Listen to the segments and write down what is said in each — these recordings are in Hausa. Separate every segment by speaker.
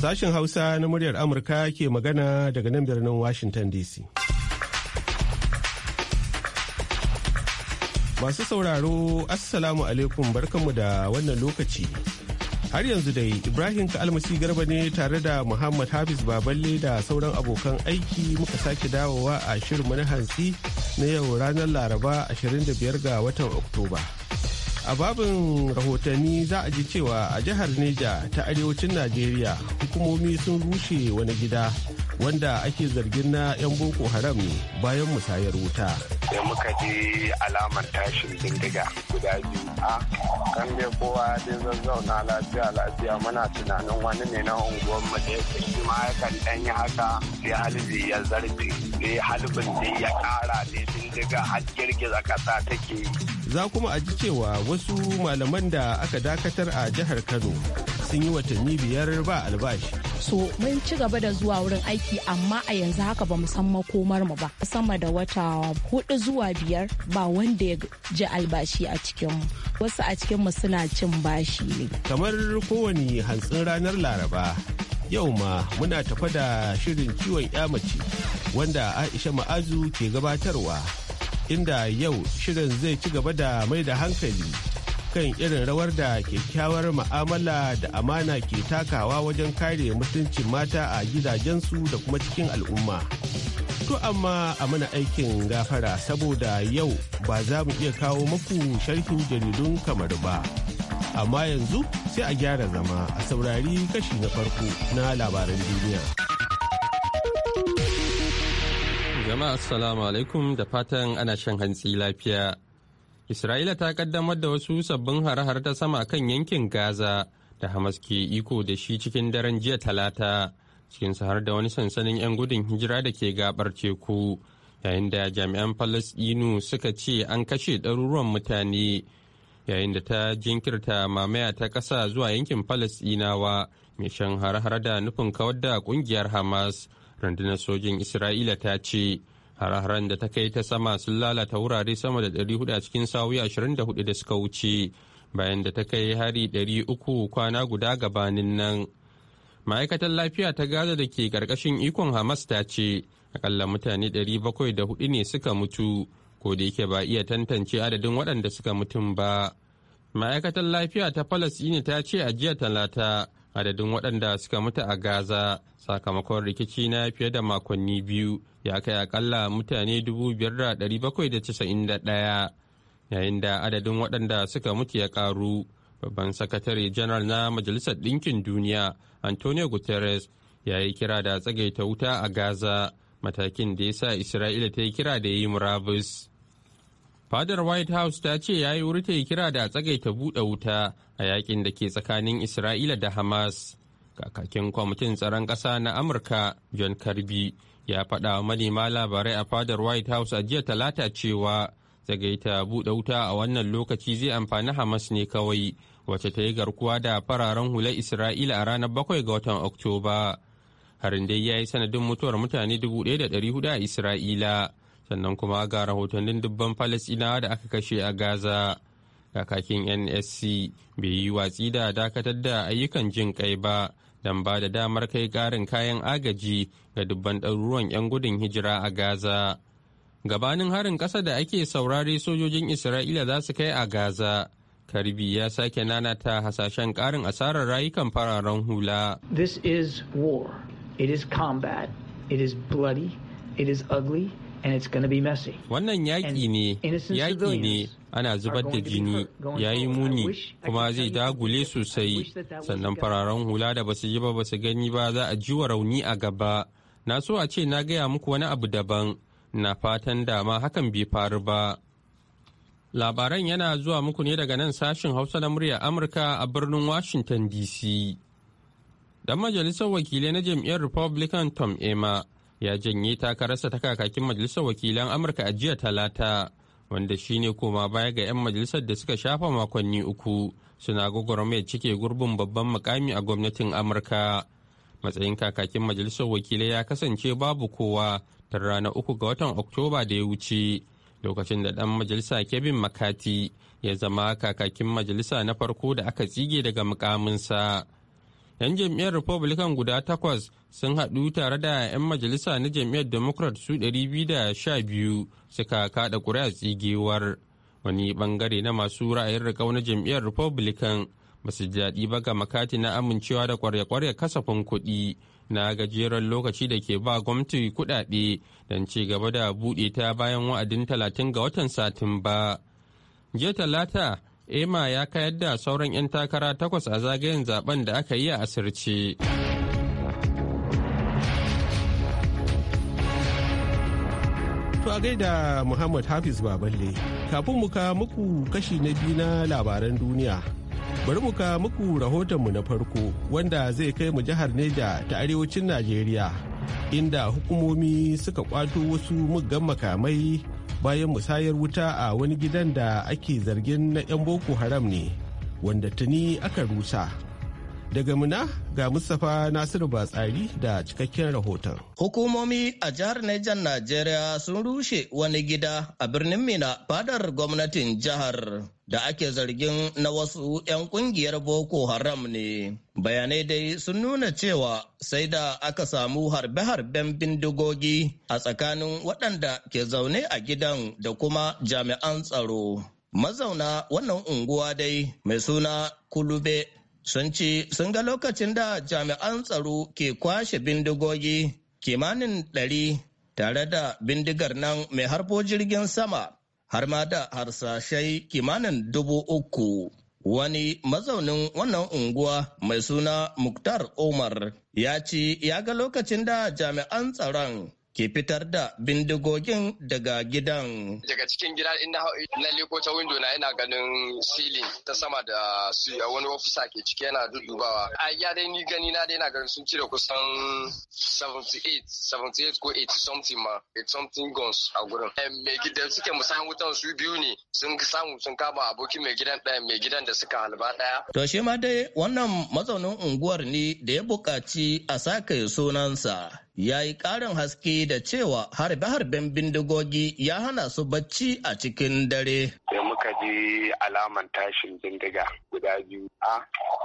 Speaker 1: Sashen Hausa na muryar Amurka ke magana daga nan birnin Washington DC. Masu sauraro, Assalamu alaikum barkanmu da wannan lokaci. Har yanzu dai Ibrahim Kalmasi Garba ne tare da Muhammad Hafiz Baballe da sauran abokan aiki muka sake dawowa a shirin na hantsi na yau ranar Laraba 25 ga watan Oktoba. a babin rahotanni za a ji cewa a jihar neja ta arewacin najeriya hukumomi sun rushe wani gida wanda ake zargin na 'yan boko haram ne bayan musayar wuta da muka ji alamar tashin bindiga guda biyu a kan dai kowa dai zazzauna lafiya lafiya muna tunanin wani ne na unguwar mu da ya ma dan yi haka sai halibi ya zarce sai halibin dai ya kara ne. bindiga har girgiza kasa take za kuma a ji cewa wasu malaman da aka dakatar a jihar kano sun yi watanni biyar ba albashi
Speaker 2: so mun ci gaba da zuwa wurin aiki amma a yanzu haka ba san makomar mu ba sama da wata hudu zuwa biyar ba wanda ya ji albashi a cikin wasu a cikin mu suna cin bashi ne
Speaker 1: kamar kowane hantsin ranar laraba yau ma muna tafa da shirin ciwon mace wanda aisha ma'azu ke gabatarwa inda yau shirin zai ci gaba da mai da hankali kan irin rawar da kyakkyawar ma'amala da amana ke takawa wajen kare mutuncin mata a gidajensu da kuma cikin al'umma. To amma a mana aikin gafara saboda yau ba za mu iya kawo maku sharhin jaridun kamar ba. Amma yanzu sai a gyara zama a saurari kashi na farko na labaran duniya.
Speaker 3: Jama'a assalamu alaikum da fatan ana shan hantsi lafiya. Isra'ila ta kaddamar da wasu sabbin harahar ta sama kan yankin Gaza da Hamas ke iko da shi cikin daren jiya talata cikin har da wani sansanin 'yan gudun hijira da ke gabar teku yayin da jami'an Falasɗinu suka ce an kashe ɗaruruwan mutane yayin da ta jinkirta mamaya ta ƙasa zuwa yankin Falasɗinawa mai shan har da nufin kawar da ƙungiyar Hamas. rundunar sojin isra'ila ta ce har da ta kai ta sama sun lalata wurare sama da 400 a cikin sa'o'i 24 da suka wuce bayan da ta kai hari 300 kwana guda gabanin nan ma'aikatar lafiya ta gaza da ke karkashin ikon hamas ta ce akalla mutane 704 ne suka mutu ko da yake ba iya tantance adadin waɗanda suka mutum ba ma'aikatar lafiya ta falasini ta ce a jiya talata adadin waɗanda suka mutu a gaza sakamakon rikici na fiye da makonni biyu ya kai akalla mutane 5,791 yayin da adadin waɗanda suka mutu ya ƙaru babban sakatare janar na majalisar ɗinkin duniya antonio guterres ya yi kira da tsagaita wuta a gaza matakin da ya sa isra'ila ta yi kira da yi murabus Fadar White House ta ce ya yi wuri ta yi kira da tsagaita buɗe wuta a yakin da ke tsakanin Isra'ila da Hamas. Kakakin kwamitin tsaron ƙasa na Amurka John Kirby ya faɗa wa manema labarai a fadar White House a jiya talata cewa tsagaita buɗe wuta a wannan lokaci zai amfani Hamas ne kawai wacce ta yi garkuwa da fararen hular Isra'ila a ranar bakwai ga watan Oktoba. Harin dai ya yi sanadin mutuwar mutane dubu da hudu a Isra'ila. sannan kuma ga rahotannin dubban falasɗinawa da aka kashe a gaza kakakin nsc bai yi watsi da dakatar da ayyukan jin kai ba don ba da damar kai karin kayan agaji ga dubban ɗaruruwan 'yan gudun hijira a gaza gabanin harin ƙasa da ake saurare sojojin isra'ila za su kai a gaza karbi ya sake nanata hasashen ƙarin asarar rayukan fararen hula
Speaker 4: this is war it is combat it
Speaker 5: is bloody it is ugly Wannan
Speaker 3: yaƙi ne, yaƙi ne ana zubar da jini ya yi muni kuma zai dagule sosai sannan fararen hula da basu yi ba basu gani ba za a jiwa rauni a gaba. Na so a ce na gaya muku wani abu daban, na fatan dama hakan bai faru ba. Labaran yana zuwa muku ne daga nan sashin Hausa na murya Amurka a birnin Washington DC. Dan majalisar wakilai na jam'iyyar Republican Tom Emma ya janye takararsa ta kakakin majalisar wakilan amurka a jiya talata wanda shine koma baya ga 'yan majalisar da suka shafa makonni uku suna gwagwarmayar cike gurbin babban mukami a gwamnatin amurka matsayin kakakin majalisar wakilai ya kasance babu kowa tun ranar uku ga watan oktoba da ya wuce lokacin da ɗan majalisa kevin makati ya zama kakakin majalisa na farko da aka tsige daga mukaminsa. 'yan jam'iyyar republican guda takwas sun haɗu tare da 'yan majalisa na jam'iyyar democrat su 212 suka kaɗa ƙuri'a tsigewar wani bangare na masu ra'ayin riƙau na jam'iyyar republican ba su daɗi ba ga makati na amincewa da kwarya-kwarya kasafin kuɗi na gajeren lokaci da ke ba gwamnati kuɗaɗe don ci gaba da buɗe ta bayan wa'adin 30 ga watan satumba jiya talata ema ya kayar da sauran 'yan takara takwas a zagayen zaben da aka yi a asirce
Speaker 1: To da Muhammad Hafiz Baballe, kafin muka muku kashi na biyu na labaran duniya. Bari muka muku rahotonmu na farko wanda zai kai mu jihar Neja ta arewacin Najeriya, inda hukumomi suka kwato wasu muggan makamai bayan musayar wuta a wani gidan da ake zargin na 'yan boko haram ne wanda tuni aka rusa daga muna ga mustapha nasiru batsari da cikakken rahoton
Speaker 6: hukumomi a jihar Nijar najeriya sun rushe wani gida a birnin mina fadar gwamnatin jihar da ake zargin na wasu 'yan kungiyar Boko Haram ne. Bayanai dai sun nuna cewa sai da aka samu harbe-harben bindigogi a tsakanin waɗanda ke zaune a gidan da kuma jami'an tsaro. Mazauna wannan unguwa dai mai suna Kulube sun ci sun ga lokacin da jami'an tsaro ke kwashe bindigogi kimanin ɗari tare da bindigar nan mai harbo jirgin sama har ma da harsashai kimanin dubu uku. Wani mazaunin wannan unguwa mai suna Muktar Umar ya ce ya ga lokacin da jami'an tsaron ke fitar da bindigogin daga gidan. Daga cikin gida inda na leko ta windo na yana ganin silin ta sama da wani ofisa ke ciki yana dudubawa. A ya dai ni gani na dai na ganin sun cire kusan 78, 78 ko 80 something ma, 8 something guns a gurin. Mai gidan suke musamman wutan su biyu ne sun samu sun kama abokin mai gidan ɗaya mai gidan da suka halba ɗaya. To shi ma dai wannan mazaunin unguwar ne da ya buƙaci a sake sunansa. ya yi ƙarin haske da cewa harbe-harben bindigogi ya hana su bacci a cikin dare.
Speaker 1: Sai muka ji alaman tashin bindiga guda biyu. A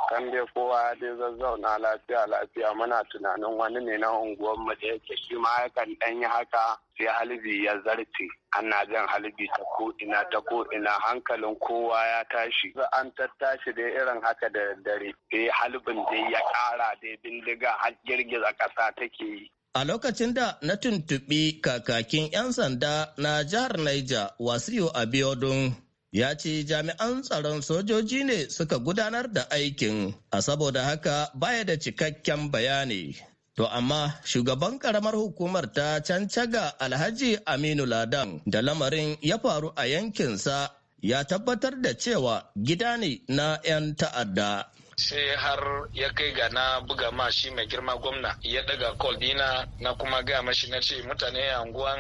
Speaker 1: kan dai kowa dai zazzauna lafiya lafiya muna tunanin wani ne na unguwar mu da yake shi ma yakan ɗan yi haka sai halibi ya zarce ana jan halibi ta ko ina ta ko ina. hankalin kowa ya tashi an tattashi dai irin haka da dare sai eh,
Speaker 7: halibin dai ya ƙara dai bindiga har girgiza ƙasa take yi
Speaker 6: A lokacin da na tuntuɓi kakakin 'yan sanda na jihar Niger Wasiyo Abiodun ya ce jami'an tsaron sojoji ne suka gudanar da aikin, a saboda haka baya da cikakken bayani. To amma shugaban karamar hukumar ta cancaga Alhaji Aminu Ladan da lamarin ya faru a yankinsa ya tabbatar da cewa gida ne na 'yan ta'adda. sai har ya kai ga na buga ma shi mai girma gwamna ya daga call dina na kuma gaya mashi
Speaker 3: na ce mutane a unguwan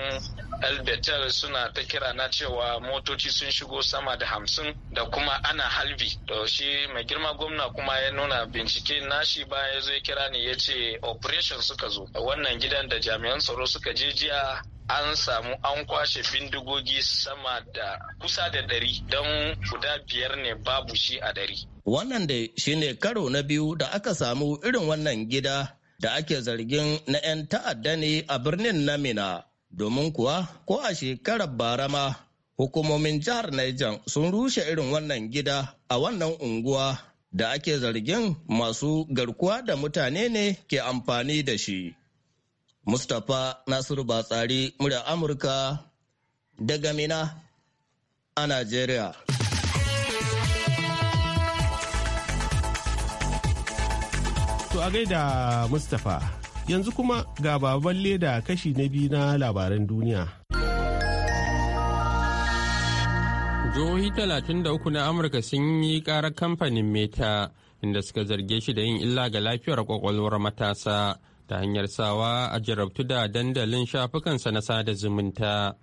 Speaker 3: albetel suna ta kira na cewa motoci sun shigo sama da hamsin da kuma ana halbi to shi mai girma gwamna kuma ya nuna bincike shi ba ya zo ya kira ni ya ce operation suka zo wannan gidan da jami'an tsaro suka je jiya an samu an kwashe bindigogi sama da kusa da
Speaker 7: dari don guda biyar ne babu shi a dari.
Speaker 6: Wannan da shi ne karo na biyu da aka samu irin wannan gida da ake zargin na 'yan ta'adda ne a birnin Namina. Domin kuwa ko a shekarar barama hukumomin jihar Niger sun rushe irin wannan gida a wannan unguwa da ake zargin masu garkuwa da mutane ne ke amfani da shi. Mustapha Nasiru Batsari murya Amurka daga Mina a Najeriya.
Speaker 1: To a gaida Mustapha yanzu kuma ga baban leda kashi na biyu na labaran duniya.
Speaker 3: Jihohi 33 na Amurka sun yi karar kamfanin Meta inda suka zarge shi da yin illa ga lafiyar kwakwalwar matasa. ta hanyar sawa a jarabtu da dandalin shafukan sa na sada zumunta.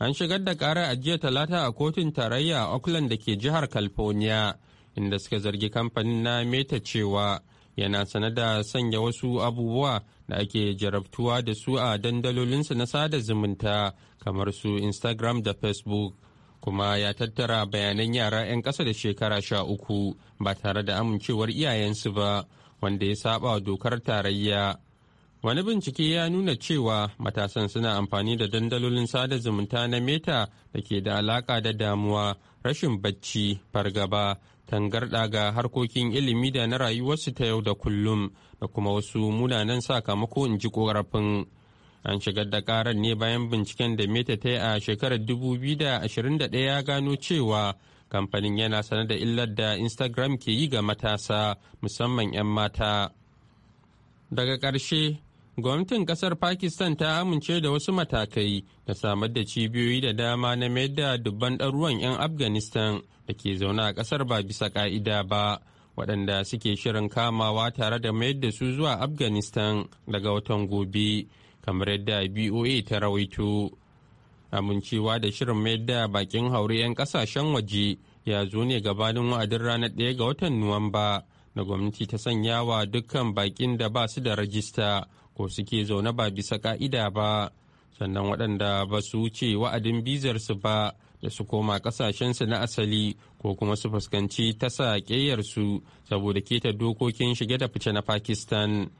Speaker 3: An shigar da ƙara a jiya talata a kotun tarayya a Auckland da ke jihar California, inda suka zargi kamfanin na Meta cewa yana sane da sanya wasu abubuwa da ake jarabtuwa da su a dandalolinsa na sada zumunta kamar su Instagram da Facebook. kuma ya tattara bayanan yara 'yan ƙasa da shekara sha uku ba tare da amincewar iyayensu ba wanda ya saba dokar tarayya Wani bincike ya nuna cewa matasan suna amfani da dandalolin sada zumunta na meta da ke da alaƙa da damuwa, rashin bacci, fargaba, tangarɗa ga harkokin ilimi da na rayuwarsu ta yau da kullum da kuma wasu munanan sakamako in ji ƙorafin. An shigar da ƙarar ne bayan binciken da meta ta yi a shekarar 2021 ya gano cewa kamfanin yana sanar da illar da Instagram ke yi ga matasa musamman 'yan mata. Daga ƙarshe gwamnatin kasar pakistan ta amince da wasu matakai da samar da cibiyoyi da dama na mayar da dubban ɗaruwan 'yan afghanistan da ke zaune a kasar ba bisa ka'ida ba waɗanda suke shirin kamawa tare da mayar da su zuwa afghanistan daga watan gobe kamar yadda boa ta rawaito amincewa da shirin mayar da bakin haure 'yan kasashen waje ya zo ne gabanin wa'adin ranar ɗaya ga watan nuwamba da gwamnati ta sanya wa dukkan bakin da ba su da rajista ko suke zaune ba bisa ka'ida ba sannan waɗanda ba su wuce wa'adin bizar su ba da su koma ƙasashensu na asali ko kuma su fuskanci tasa su saboda keta dokokin shige da fice na pakistan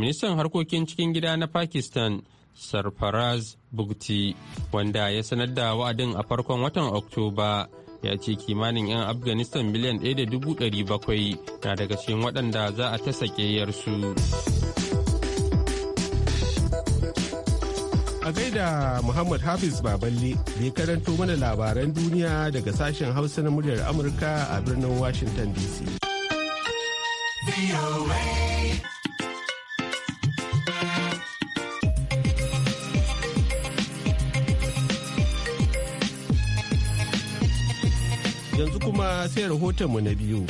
Speaker 3: ministan harkokin cikin gida na pakistan sarfaraz bukti wanda ya sanar da wa'adin a farkon watan oktoba ya ce kimanin 'yan afghanistan miliyan 1.700 na daga cikin waɗanda za a tasa sakeyarsu. su
Speaker 1: a gaida Muhammad Hafiz Baballe da karanto mana labaran duniya daga sashen Hausa na muryar Amurka a birnin Washington DC. Yanzu kuma sai rahotonmu na biyu.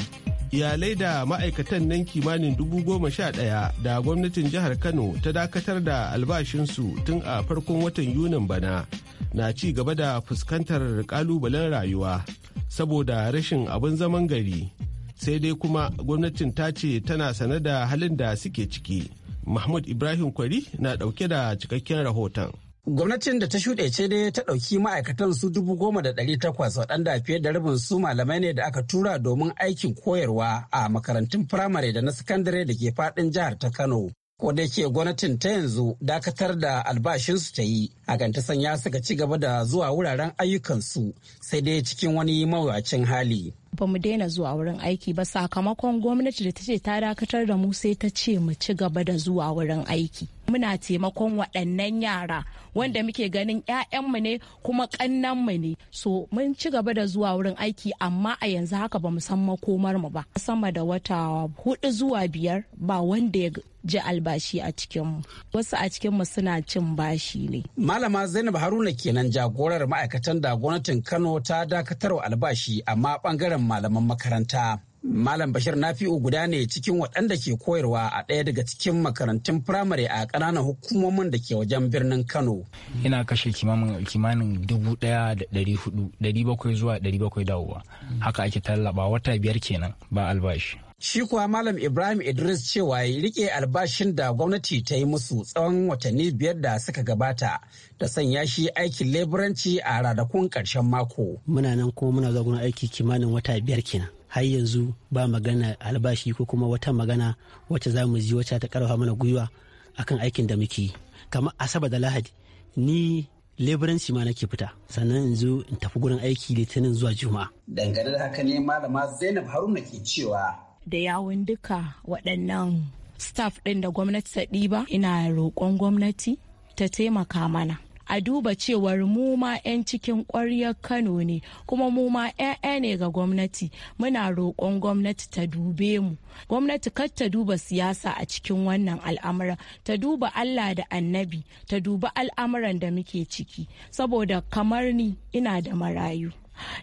Speaker 1: iyalai da ma'aikatan nan kimanin dubu goma sha ɗaya da gwamnatin jihar kano ta dakatar da albashinsu tun a farkon watan yunin bana na ci gaba da fuskantar kalubalen rayuwa saboda rashin abin zaman gari sai dai kuma gwamnatin ta ce tana sane da halin da suke ciki mahmud ibrahim kwari na ɗauke da cikakken
Speaker 6: rahoton
Speaker 7: Gwamnatin da ta shuɗe ce dai ta ɗauki ma'aikatan su dubu goma da ɗari takwas waɗanda fiye da rabin su malamai ne da aka tura domin aikin koyarwa a makarantun firamare da na sakandare da ke faɗin jihar ta Kano. Ko da ke gwamnatin ta yanzu dakatar da albashinsu ta yi, hakan ta sanya suka ci gaba da zuwa wuraren ayyukansu sai dai cikin wani mawuyacin hali.
Speaker 2: ba mu daina zuwa wurin aiki ba sakamakon gwamnati da ta ce ta dakatar da mu sai ta ce mu ci gaba da zuwa wurin aiki muna taimakon waɗannan yara wanda muke ganin mu ne kuma mu ne so mun ci gaba da zuwa wurin aiki amma a yanzu haka ba mu san makomar mu ba sama da wata hudu zuwa biyar ba wanda ya ji albashi a cikinmu wasu a cikinmu suna cin bashi ne.
Speaker 7: Malama Zainab Haruna kenan jagorar ma'aikatan da gwamnatin Kano ta dakatarwa albashi amma bangaren malaman makaranta. Malam Bashir Nafi'u guda ne cikin waɗanda ke koyarwa a ɗaya daga cikin makarantun firamare a ƙananan hukumomin da ke wajen birnin Kano. Ina kashe kimanin dubu ɗaya da ɗari hudu, ɗari bakwai zuwa ɗari bakwai dawowa. Haka ake tallaba wata biyar kenan ba albashi. Shi kuwa Malam Ibrahim Idris cewa ya rike albashin da gwamnati ta yi musu tsawon watanni biyar da suka gabata da sanya shi aikin leburanci a radakun karshen mako. Muna nan kuma muna zagunan aiki kimanin wata biyar kenan. har yanzu ba magana albashi ko kuma wata magana wacce za mu ji wacce ta karfa mana gwiwa akan aikin da muke yi kamar asabar da lahadi ni leburanci ma nake fita sannan in in tafi gurin aiki litinin zuwa juma'a dangane da haka ne malama zainab haruna ke cewa
Speaker 2: da yawun duka waɗannan staff ɗin da gwamnati ta ɗiba ina roƙon gwamnati ta taimaka mana a duba cewar mu ma 'yan cikin ƙwaryar kano ne kuma mu ma 'ya'ya ne ga gwamnati muna roƙon gwamnati ta dube mu gwamnati kar ta duba siyasa a cikin wannan al'amura ta duba allah da annabi ta duba al'amuran da muke ciki saboda kamar ni ina da marayu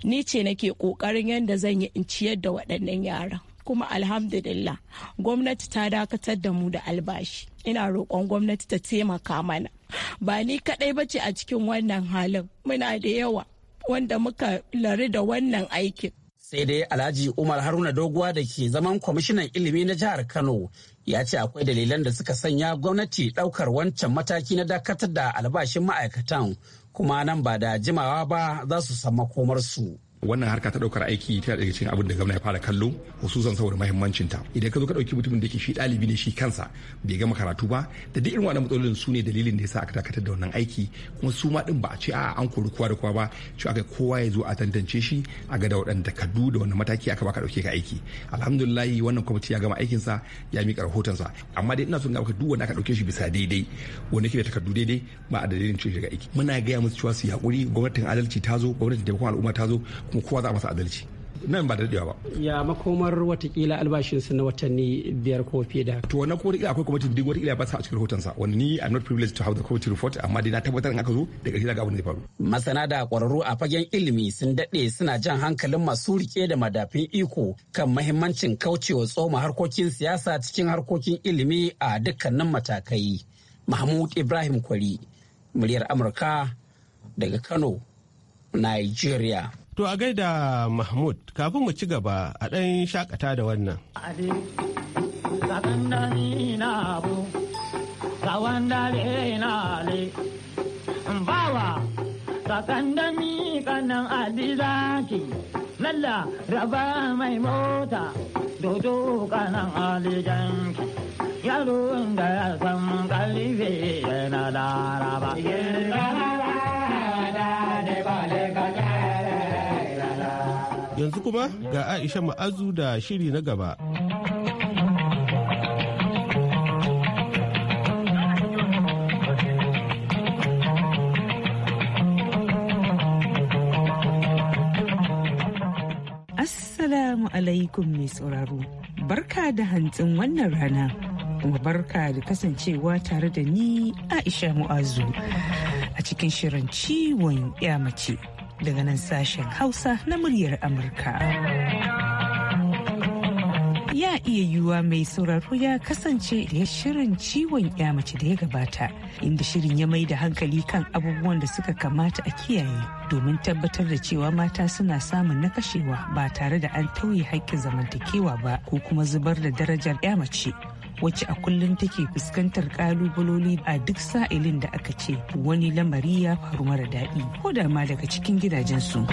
Speaker 2: ni ce nake ƙoƙarin yadda zan yi in ciyar da waɗannan yaran kuma alhamdulillah gwamnati ta dakatar da mu da albashi ina roƙon gwamnati ta taimaka mana ba ni kaɗai ba ce a cikin wannan halin muna da yawa wanda muka lari da wannan
Speaker 7: aikin sai dai alhaji umar haruna doguwa da ke zaman kwamishinan ilimi na jihar kano ya ce akwai dalilan da suka sanya gwamnati ɗaukar wancan mataki na dakatar da albashin ma'aikatan kuma nan ba da jimawa ba za su san makomarsu. wannan harka ta daukar aiki tana daga cikin abin da gwamna ya fara kallo hususan saboda muhimmancin ta idan ka zo ka dauki mutumin da ke shi dalibi ne shi kansa bai gama karatu ba da duk irin wannan matsalolin su ne dalilin da yasa aka dakatar da wannan aiki kuma su ma din ba a ce a an kori kowa da kowa ba cewa aka kowa ya zo a tantance shi a ga da waɗanda du da wannan mataki aka baka dauke ka aiki alhamdulillah wannan kwamiti ya gama aikinsa ya mika sa amma dai ina son ga du wanda aka dauke shi bisa daidai wanda yake da takardu daidai ba a dalilin cewa shiga aiki muna gaya musu cewa su hakuri gwamnatin adalci ta zo gwamnatin taimakon al'umma ta zo kuma kowa za a masa adalci nan ba da daɗewa ba. Ya makomar watakila albashinsu na watanni biyar ko fiye da. To wannan ila akwai kwamitin duk ila ba sa a cikin rahotonsa wanda ni I'm not privileged to have the committee report amma dai na tabbatar in aka zo da ƙarshe da gabanin abin faru. Masana da ƙwararru a fagen ilimi sun daɗe suna jan hankalin masu rike da madafin iko kan mahimmancin kaucewa tsoma harkokin siyasa cikin harkokin ilimi a dukkanin matakai. Mahmud Ibrahim Kwari,
Speaker 1: muryar Amurka daga Kano, Nigeria. To a gaida Mahmud kafin mu ci gaba a ɗan shakata da wannan.
Speaker 8: lalla raba mai mota, dodo kanan alijanki, yaron da ya san kalife yana
Speaker 4: Yin da da da da
Speaker 1: Yanzu kuma ga Aisha Ma'azu da shiri na gaba.
Speaker 5: Assalamu alaikum mai sauraro. Barka da hantsin wannan rana. Kuma barka da kasancewa tare da ni Aisha Mu'azu a cikin shirin ciwon ya mace daga nan sashen Hausa na muryar Amurka. Ya iya yiwuwa mai sauraro ya kasance da shirin ciwon ya mace da ya gabata, inda shirin ya mai da hankali kan abubuwan da suka kamata a kiyaye domin tabbatar da cewa mata suna samun nakashewa ba tare da an tauye haƙƙin zamantakewa ba ko kuma zubar da darajar ya mace. wacce a kullum take fuskantar kalubaloli a duk sa'ilin da aka ce wani lamari ya faru mara daɗi ko da ma daga cikin gidajensu.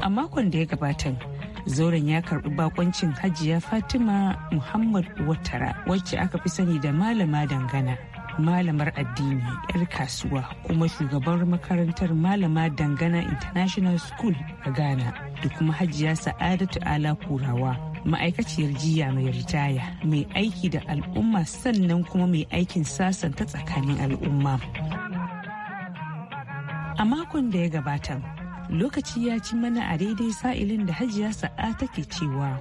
Speaker 5: A makon da ya gabata, zauren ya karɓi bakoncin hajiya fatima muhammad watara wacce aka fi sani da malama dangana malamar addini 'yar kasuwa kuma shugabar makarantar malama dangana international school a ghana da kuma hajiya sa'adatu ala kurawa ma'aikaciyar jiya mai ritaya mai aiki da al'umma sannan kuma mai aikin sasanta tsakanin al'umma a makon da ya gabata lokaci ya ci mana a daidai sa'ilin da hajiya sa'a take cewa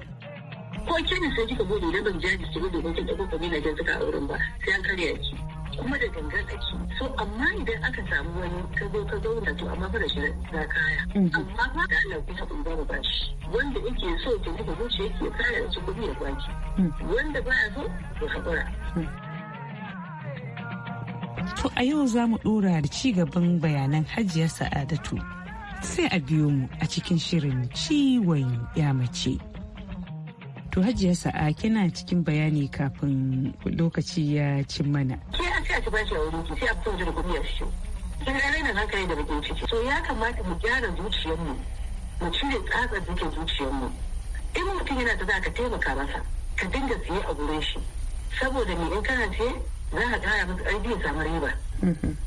Speaker 4: ko kina sai kika bude na ban jami su gudu mutum da kuka mina jan suka a wurin ba sai an karya ki kuma da gangan ake so amma idan aka samu wani ka zo ka zauna to amma fa da shi na kaya mhm. amma ba da Allah ku haɗin ba ba shi wanda yake so ya tafi da zuciya yake kaya su kuɗi ya kwaki mhm. wanda ba ya so ya haƙura. Mhm.
Speaker 5: To a yau za mu ɗora da ci gaban bayanan Hajiya sa'adatu sai a biyo mu a cikin shirin ciwon ya mace. To hajiya sa'a kina cikin bayani kafin lokaci ya cin mana. Sai a
Speaker 4: sai a ci bashi a wurin sai a fito da kuɗi a cikin. Kin ga raina hankali da bakin ciki. So ya kamata mu gyara zuciyarmu mu cire tsatsar duke zuciyarmu. In mutum yana da za ka taimaka masa ka dinga siye a gurin shi. Saboda me in kana siye za ka kara masa ƙarfi ya samu riba. Mm-hmm.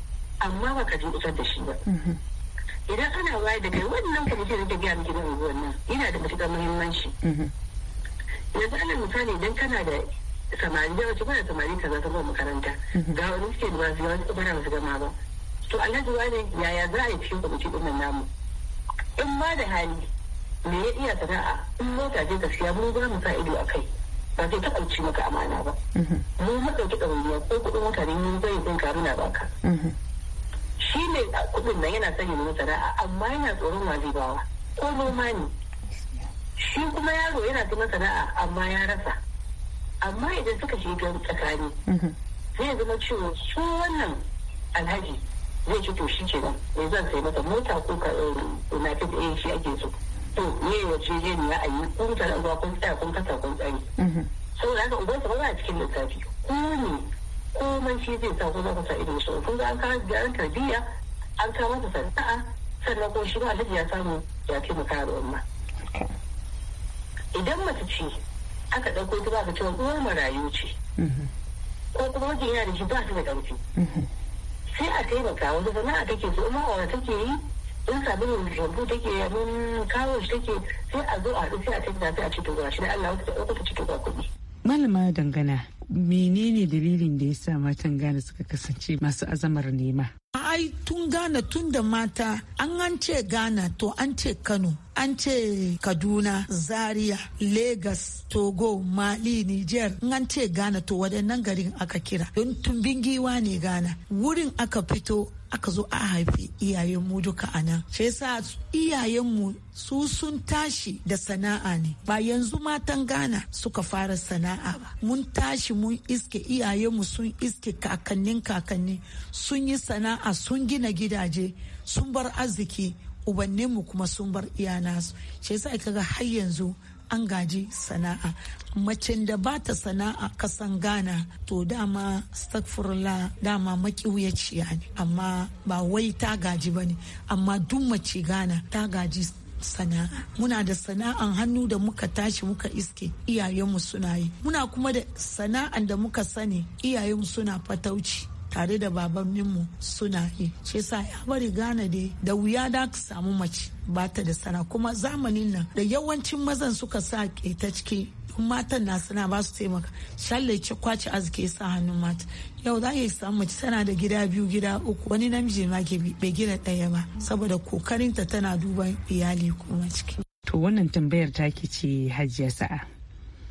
Speaker 4: Amma ba ka je kusa da shi ba. Mm-hmm. Idan ana wayar da kai wannan kwamitin da ta gaya miki da unguwan nan yana da matuƙar muhimmanci. Mm-hmm. yanzu ana misali idan kana da samari da wace kuna samari ta zata zuwa makaranta mhm. ga wani suke da masu yawan su bana wasu gama ba to alhaji wani yaya za a yi da kwamiti din nan namu in ma da hali me ya iya sana'a in mota ce gaskiya mun za mu sa ido a kai ba zai taɓa ci maka amana ba mhm. mu maɗauki ɗauriya ko kuɗin wata ne mun zai zai karu na baka mhm. shi ne kuɗin nan yana sanya mu sana'a amma yana tsoron wa zai bawa ko noma ne shi kuma yaro yana zama masana'a amma ya rasa amma idan suka shiga tsakani mhm. zai zama cewa su wannan alhaji zai ci to shi ke nan zan sai masa mota ko ka na ta da shi ake so to ya ce zai ne a yi ko mutane an kun tsaya kun kasa kun tsani mhm. saboda haka ubansa ba a cikin lissafi ko ne komai shi zai sa ko za ka sa ido so kun ga an kawo gyaran tarbiyya an kawo masa sana'a sannan ko shi ma alhaji ya samu ya taimaka wannan. idan mace ce aka ɗauko ta ba ka cewa uwar marayu ce ko kuma wajen yana da shi ba su da ƙarfi sai a taimaka wata sana'a take so ma wani take yi in sabon rubu take abin kawo shi take sai a zo a haɗu sai a taimaka sai a ci to ga shi da Allah wata ɗauko ta ci to ga
Speaker 5: kuɗi. Malama dangana menene dalilin da ya sa matan gane suka kasance masu azamar nema?
Speaker 8: ai tun gana tun da mata an an ce ghana to an ce kano an ce kaduna zaria Legas, togo mali niger an ce ghana to waɗannan garin aka kira don tumbin giwa ne ghana wurin aka fito aka zo a haifi iyayenmu duka a nan shi yasa iyayenmu su sun tashi da sana'a ne ba yanzu matan ghana suka fara sana'a ba mun tashi mun iske iyayenmu sun iske kakannin kakanni sun yi sana'a a'a sun gina gidaje sun bar arziki ubanninmu kuma sun bar iyana su shi yasa kaga har yanzu an gaji sana'a macen da ba ta sana'a kasan gana to dama stagfurla dama makiwuyaciya ne amma ba wai ta gaji ba ne amma duk mace gana ta gaji sana'a muna da sana'an hannu da muka tashi muka iske iyayenmu suna yi muna kuma da sana'an da muka sani iyayenmu suna fatauci tare da babanninmu suna yi shi yasa ya bari gane dai da wuya da ka samu mace ba ta da sana kuma zamanin nan da yawancin mazan suka sa ta ciki matan na suna ba su taimaka shallace kwace arziki sa hannun mata yau za ya samu mace tana da gida biyu gida uku wani namiji ma ke bai gina ɗaya ba saboda kokarinta tana duba
Speaker 5: iyali kuma ciki to wannan tambayar ta ke ce hajiya sa'a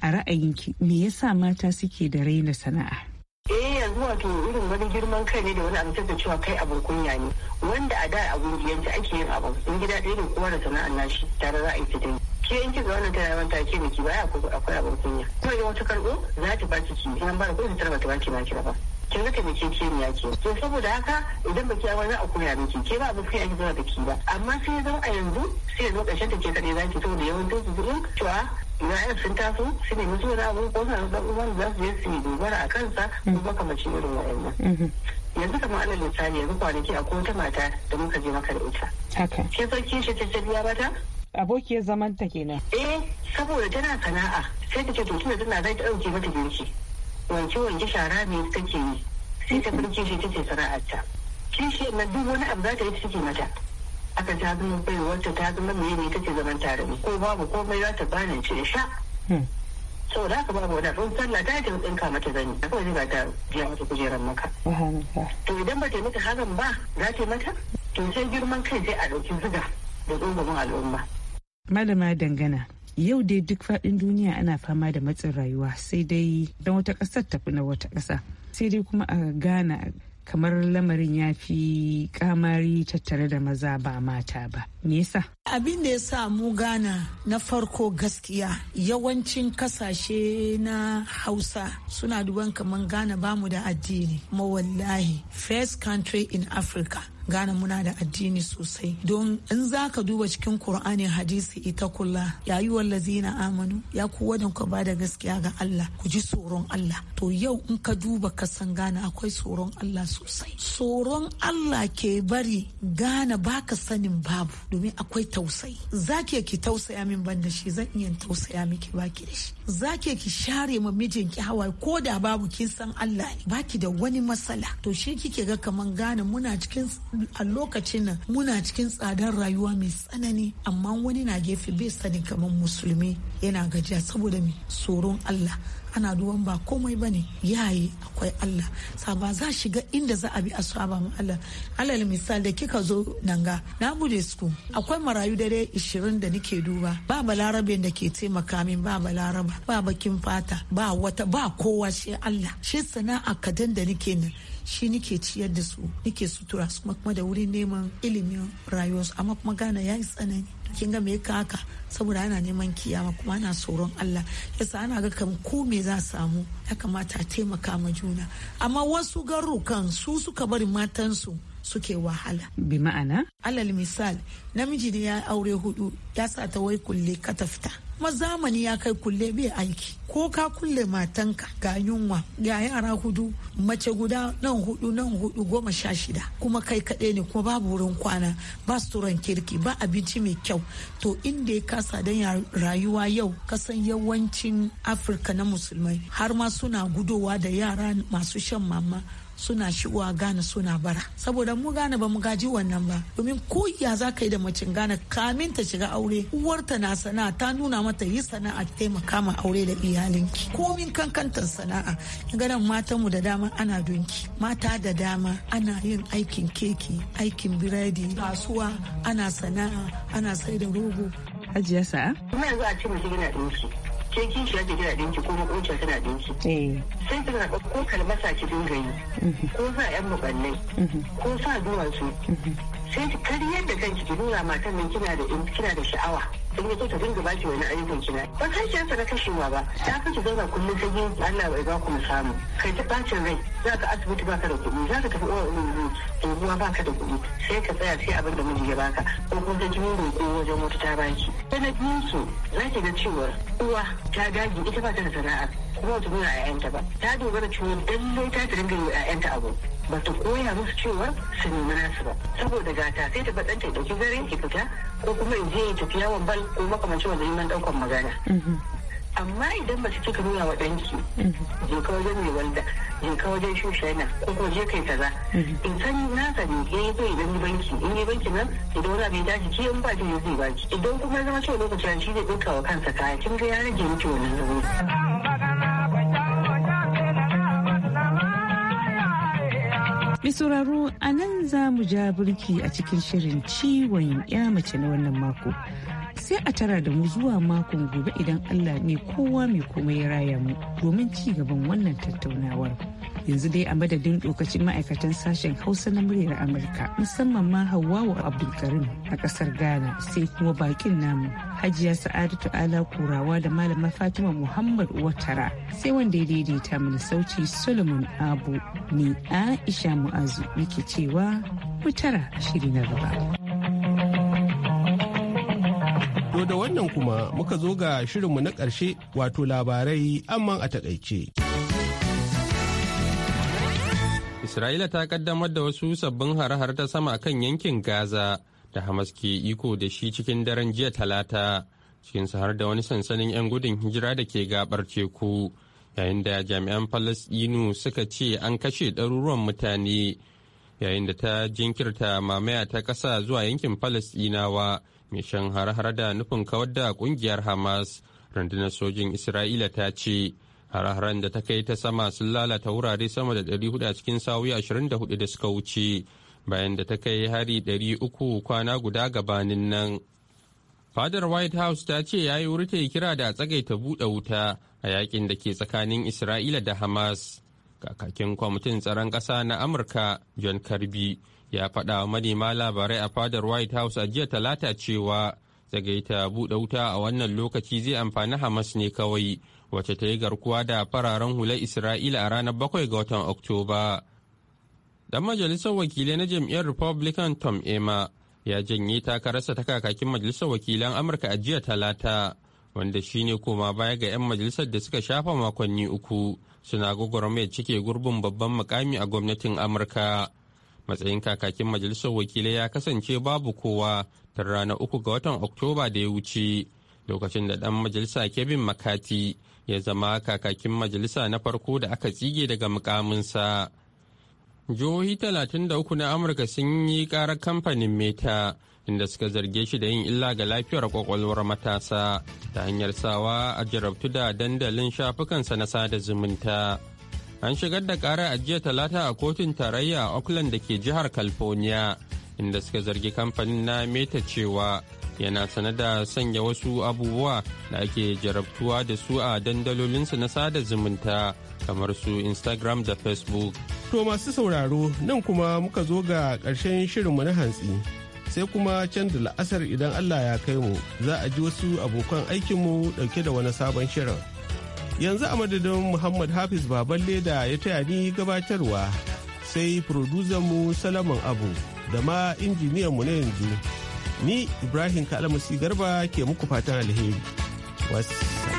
Speaker 5: a ra'ayinki me yasa mata suke da raina sana'a
Speaker 4: wato irin wani girman kai ne da wani abu da cewa kai abin kunya ne wanda a da a gungiyance ake yin abin in gida ɗaya da kuma da na shi tare za a yi fitin ke in kika wannan tana yawan take da ki baya akwai akwai abin kunya kuma idan wata karɓo za ta baki ki idan ba da kuɗi ta ba ta baki ba ki ba kin ga taimake ke ni yake to saboda haka idan baki yawa za a koya miki ke ba abin kunya ki zama da ki ba amma sai ya zama a yanzu sai ya zo ƙarshen ta ke kaɗai za ki saboda yawan dozu zuɗin cewa ya'yan sun taso su ne musu wani abin ko sanar da uban za su je su yi dogara a kansa ko mm. mace irin wa'annan mm-hmm. yanzu kamar alal misali yanzu kwanaki a kowace mata da muka je maka da ita ke sarki shi ta biya bata?
Speaker 5: abokiyar zaman ta kenan
Speaker 4: eh saboda tana sana'a sai ta ce to tunda tana zai ta dauke mata girki wanke wanke shara ne take yi sai ta farke mm-hmm. shi ta ce sana'arta kishiyar na duk wani abu za ta yi take mata aka ta zama bai wata ta zama mai ne take zaman tare ko babu komai za ta bani ce sha hmm. da aka babu wani sallah ta ta tsinka mata zani akwai zai ba ta biya mata kujerar maka to idan ba ta mata hakan ba za ta mata to sai girman kai sai a ɗauki zuga da tsogamin al'umma.
Speaker 5: malama dangana yau dai duk faɗin duniya ana fama da matsin rayuwa sai dai dan wata ƙasar tafi na wata ƙasa sai dai kuma a ghana kamar lamarin ya fi kamari tattare da maza ba mata ba me yasa
Speaker 8: abin da ya sa mu gana na farko gaskiya yawancin kasashe na hausa suna duban kamar gana bamu da addini mawallahi first country in africa Ghana muna da addini sosai don in za ka duba cikin Kur'ani hadisi ita kula ya yi wallazina amanu ya ku wadan ku ba da gaskiya ga Allah ku ji tsoron Allah to yau in ka duba ka san Ghana akwai tsoron Allah sosai tsoron Allah ke bari Ghana baka sanin babu domin akwai tausayi zaki ki tausaya min ban da shi zan iya tausaya miki baki da shi zake ki share ma mijinki hawaye ko da babu kin san Allah ne baki da wani matsala to shi kike ga kaman gane muna cikin a lokacin nan muna cikin tsadar rayuwa mai tsanani amma wani na gefe bai sani kaman musulmi yana gajiya saboda mai tsoron Allah ana duban ba komai ba ne yayi akwai Allah sa ba za shiga inda za a bi a saba ma Allah alal misal da kika zo nan ga na bude su akwai marayu dare 20 da nike duba ba balarabe da ke taimaka min ba balaraba ba bakin fata ba wata ba kowa shi Allah shi sana'a kadan da nake nan shi nike ciyar da su nike sutura su kuma da wurin neman ilimin rayuwarsu amma kuma gana ya tsanani kin ga me ka haka saboda ana neman kiyama kuma ana tsoron Allah yasa ana ga kam ko me za samu ya kamata a taimaka ma juna amma wasu garrukan su suka bari matansu suke wahala bi ma'ana alal misal namiji ne ya aure hudu ya sa ta wai kulle ka ta fita kuma zamani ya kai kulle bai aiki ko ka kulle matanka ga yunwa ga yara hudu mace guda nan hudu nan hudu goma sha shida kuma kai kaɗai ne kuma babu wurin kwana ba su ran kirki ba abinci mai kyau to inda ya kasa don rayuwa yau kasan yawancin afirka na musulmai har ma suna gudowa da yara masu shan mama suna shiwa Ghana suna bara saboda mu gane ba mu gaji wannan ba domin ko ya za ka yi da macin Ghana kamin ta shiga aure uwarta na sana'a ta nuna mata yi sana'a taimaka ma aure da iyalinki komin kankantar sana'a ganin matan mu da dama ana dunki mata da dama ana yin aikin keke aikin biredi kasuwa ana sana'a ana sai da
Speaker 5: rogo Hajiya sa'a.
Speaker 4: ke kishiya ce gida dinki ko makociya tana dinki eh. sai suna ga ko kalmasa ki dinga yi mhm. ko sa yan muballai mhm. ko sa duwatsu mhm. sai ki karyar da kanki ki nuna matan nan kina da kina da sha'awa in ya so ta dinga baki wani ayyukan kina ba kai ki na kashewa ba ya ka zauna kullum sai yin Allah bai ba ku mu samu kai ta bacin rai za ka asibiti baka da kuɗi za ka tafi ba ka da kuɗi sai ka tsaya sai abin da miji ya baka ko kun ta jini roƙo wajen wata ta baki sai na su za ki ga cewa uwa ta gaji ita ba ta da sana'a kuma ta nuna 'ya'yanta ba ta dogara cewa lallai ta dinga yi 'ya'yanta abu ba ta koya musu cewa su nemi nasu ba saboda gata sai ta faɗanta ɗauki gare ki fita ko kuma in je ya tafi yawon bal makamanci wanda nan daukan magana amma idan ba su cika nuna wa ɗanki je ka wajen mai wanda je ka wajen shushena ko kuma je kai kaza in san na sani ya yi bai idan banki in yi banki nan idan wani abin daji ki in ba ki zai baki idan kuma zama cewa lokacin shi zai ɗauka wa kansa kaya kin ga ya rage miki wannan nauyi.
Speaker 5: sauraro a nan za mu ja burki a cikin shirin ciwon ya mace na wannan mako. sai a tara da mu zuwa makon gobe idan Allah ne kowa mai komai ya raya mu domin ci gaban wannan tattaunawar. Yanzu dai a madadin lokacin ma'aikatan sashen Hausa na muryar Amurka musamman ma wa Abdulkarim a kasar Ghana sai kuma bakin namu Hajiya Sa'adatu Ala Kurawa da Malama Fatima Muhammad Watara sai wanda ya daidaita mana sauci Solomon Abu ni Aisha Mu'azu nake cewa mutara shiri na gaba.
Speaker 1: To da wannan kuma muka zo ga shirinmu na ƙarshe wato labarai amma a
Speaker 3: taƙaice. Isra'ila ta kaddamar da wasu sabbin har-har ta sama kan yankin Gaza da Hamas ke iko da shi cikin daren jiya talata cikin har da wani sansanin 'yan gudun hijira da ke gabar teku yayin da jami'an Falasɗinu suka ce an kashe ɗaruruwan mutane yayin da ta jinkirta mamaya ta ƙasa zuwa yankin Falasɗinawa. mishan har-har da nufin kawar da kungiyar hamas rundunar sojin isra'ila ta ce har-haren da ta kai ta sama sun lalata wurare sama da 400 a cikin sawi 24 da suka wuce bayan da ta kai hari 300 kwana guda gabanin nan fadar white house ta ce ya yi wuri ta kira da tsagaita buɗe wuta a yakin da ke tsakanin isra'ila da hamas kakakin kwamitin tsaron ƙasa na amurka john karbi ya faɗa manema labarai a fadar white house a jiya talata cewa tsagaita buɗe wuta a wannan lokaci zai amfani hamas ne kawai wacce ta yi garkuwa da fararen hular isra'ila a ranar bakwai ga watan oktoba dan majalisar wakilai na jam'iyyar republican tom emma ya janye takararsa ta kakakin majalisar wakilan amurka a jiya talata wanda shine koma baya ga 'yan majalisar da suka shafa makonni uku suna gwagwarmayar cike gurbin babban mukami a gwamnatin amurka matsayin kakakin majalisar wakilai ya kasance babu kowa tun ranar uku ga watan oktoba da ya wuce lokacin da dan majalisa kevin makati ya zama kakakin majalisa na farko da aka tsige daga mukaminsa jihohi 33 na amurka sun yi karar kamfanin meta inda suka zarge shi da yin illa ga lafiyar kwakwalwar matasa ta hanyar sawa a jarabtu da dandalin shafukansa na sada zumunta. an shigar da kara a jiya talata a kotun tarayya a auckland da ke jihar california inda suka zargi kamfanin na meta cewa yana sanar da sanya wasu abubuwa da ake jarabtuwa da su a dandalolinsu na sada zumunta kamar su instagram da facebook
Speaker 1: to masu sauraro nan kuma muka zo ga ƙarshen shirinmu na hantsi sai kuma can da la'asar idan allah ya kai mu za a ji wasu abokan aikinmu ɗauke da wani sabon shirin. yanzu a madadin muhammad hafiz baban leda ya taya ni gabatarwa sai mu salaman abu da ma injiniyan mu na yanzu ni ibrahim kalamasi garba ke muku fatan alheri wasu